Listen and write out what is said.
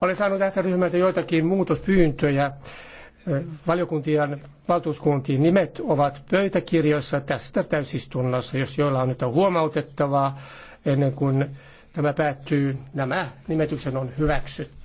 Olen saanut tästä ryhmältä joitakin muutospyyntöjä valiokuntien valtuuskuntien Nimet ovat pöytäkirjoissa tästä täysistunnossa. Jos joilla on nyt huomautettavaa ennen kuin tämä päättyy, nämä nimetykset on hyväksytty.